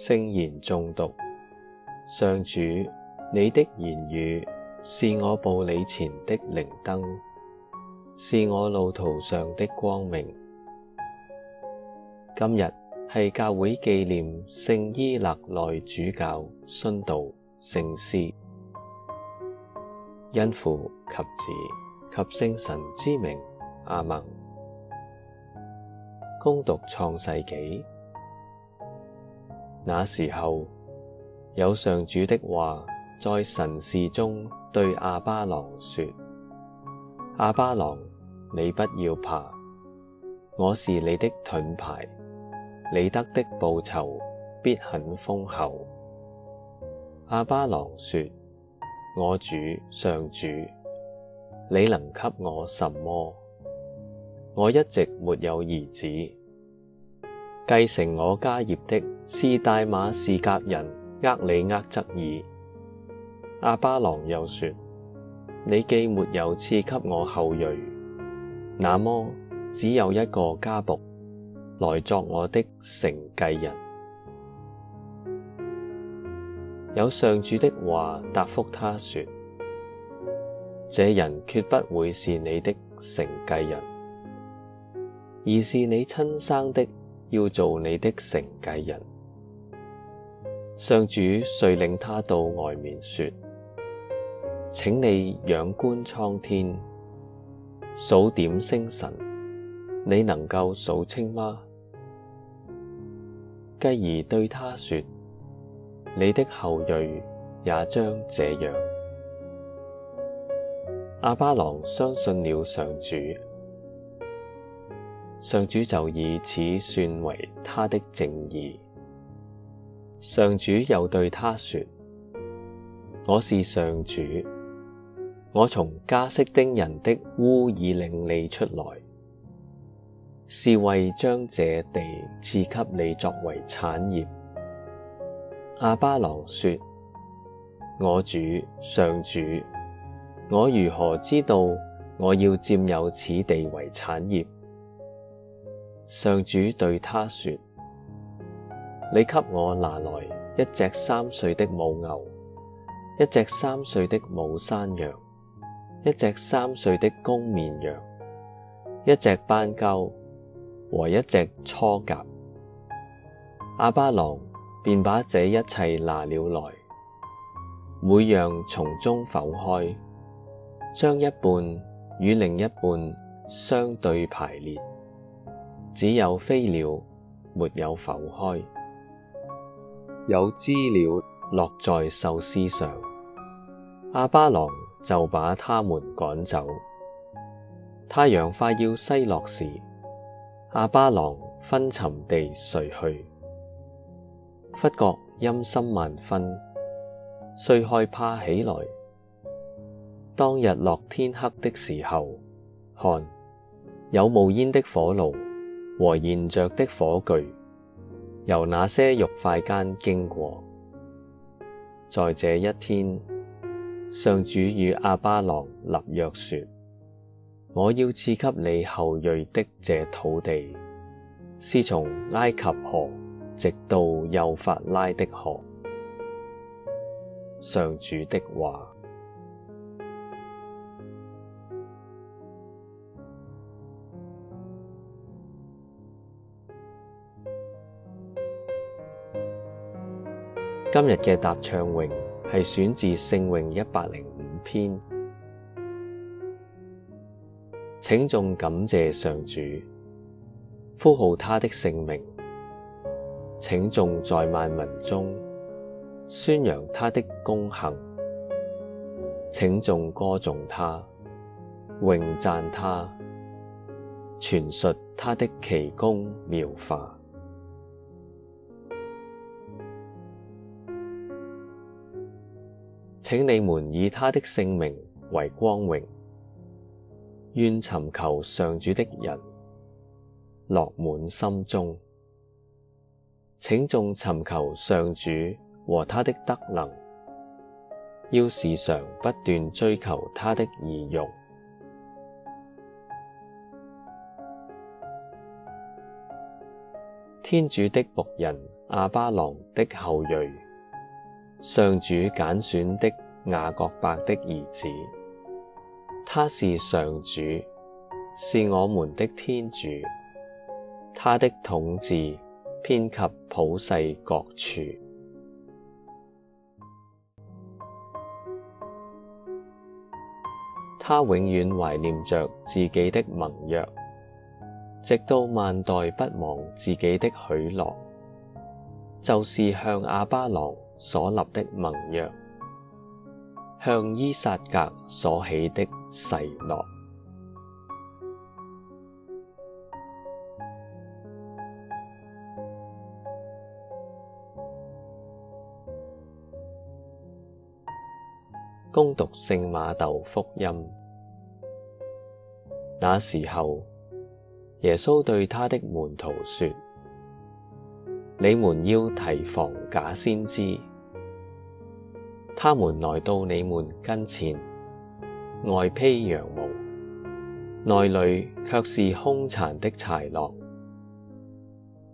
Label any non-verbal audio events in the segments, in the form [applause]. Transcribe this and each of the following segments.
聖言誦讀。上主，你的言語是我步履前的靈燈，是我路途上的光明。今日係教會紀念聖依勒內主教殉道聖師，因父及子及聖神之名，阿門。恭讀創世紀。那時候，有上主的話在神視中對亞巴郎說：亞巴郎，你不要怕，我是你的盾牌，你得的報酬必很豐厚。亞巴郎說：我主上主，你能給我什麼？我一直沒有兒子。繼承我家業的是大馬士革人厄里厄則爾。亞巴郎又說：你既沒有賜給我後裔，那麼只有一個家僕來作我的承繼人。有上主的話答復他說：這人決不會是你的承繼人，而是你親生的。要做你的承繼人。上主遂領他到外面說：請你仰觀蒼天，數點星辰，你能夠數清嗎？繼而對他說：你的後裔也將這樣。亞巴郎相信了上主。上主就以此算為他的正義。上主又對他說：我是上主，我從加色丁人的烏爾領你出來，是為將這地賜給你作為產業。亞巴郎說：我主上主，我如何知道我要佔有此地為產業？上主對他說：你給我拿來一隻三歲的母牛，一隻三歲的母山羊，一隻三歲的公綿羊，一隻斑鳩和一隻雛鴿。亞巴郎便把這一切拿了來，每樣從中剖開，將一半與另一半相對排列。只有飛鳥沒有剖開，有鷙鳥落在獸屍上，亞巴郎就把他們趕走。太陽快要西落時，亞巴郎昏沉地睡去，忽覺陰森萬分，遂害怕起來。當日落天黑的時候，看，有冒煙的火爐。和燃着的火炬，由那些肉塊間經過。在這一天，上主與亞巴郎立約說：我要賜給你後裔的這土地，是從埃及河直到幼發拉的河。上主的話。今日嘅答唱詠係選自聖詠一百零五篇，請眾感謝上主，呼號他的聖名，請眾在萬民中宣揚他的功行，請眾歌頌他，詠讚他，傳述他的奇工妙化。請你們以他的聖名為光榮，願尋求上主的人樂滿心中。請眾尋求上主和他的德能，要時常不斷追求他的儀容。天主的僕人亞巴郎的後裔。上主揀選的雅各伯的兒子，他是上主，是我們的天主。他的統治遍及普世各處，他永遠懷念着自己的盟約，直到萬代不忘自己的許諾，就是向亞巴郎。所立的盟約，向依撒格所起的誓諾。恭 [noise] 讀聖馬竇福音，那時候耶穌對他的門徒說。你們要提防假先知，他們來到你們跟前，外披羊毛，內裡卻是兇殘的豺狼。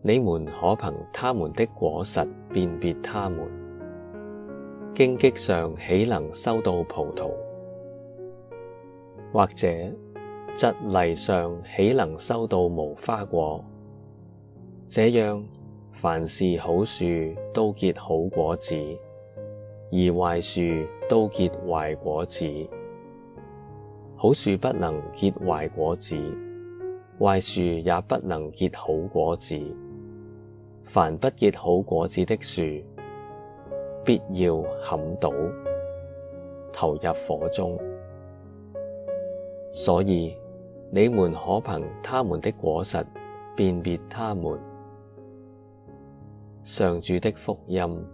你們可憑他們的果實辨別他們。荊棘上豈能收到葡萄？或者蒺藜上豈能收到無花果？這樣。凡是好樹都結好果子，而壞樹都結壞果子。好樹不能結壞果子，壞樹也不能結好果子。凡不結好果子的樹，必要砍倒，投入火中。所以你們可憑他們的果實辨別他們。上主的福音。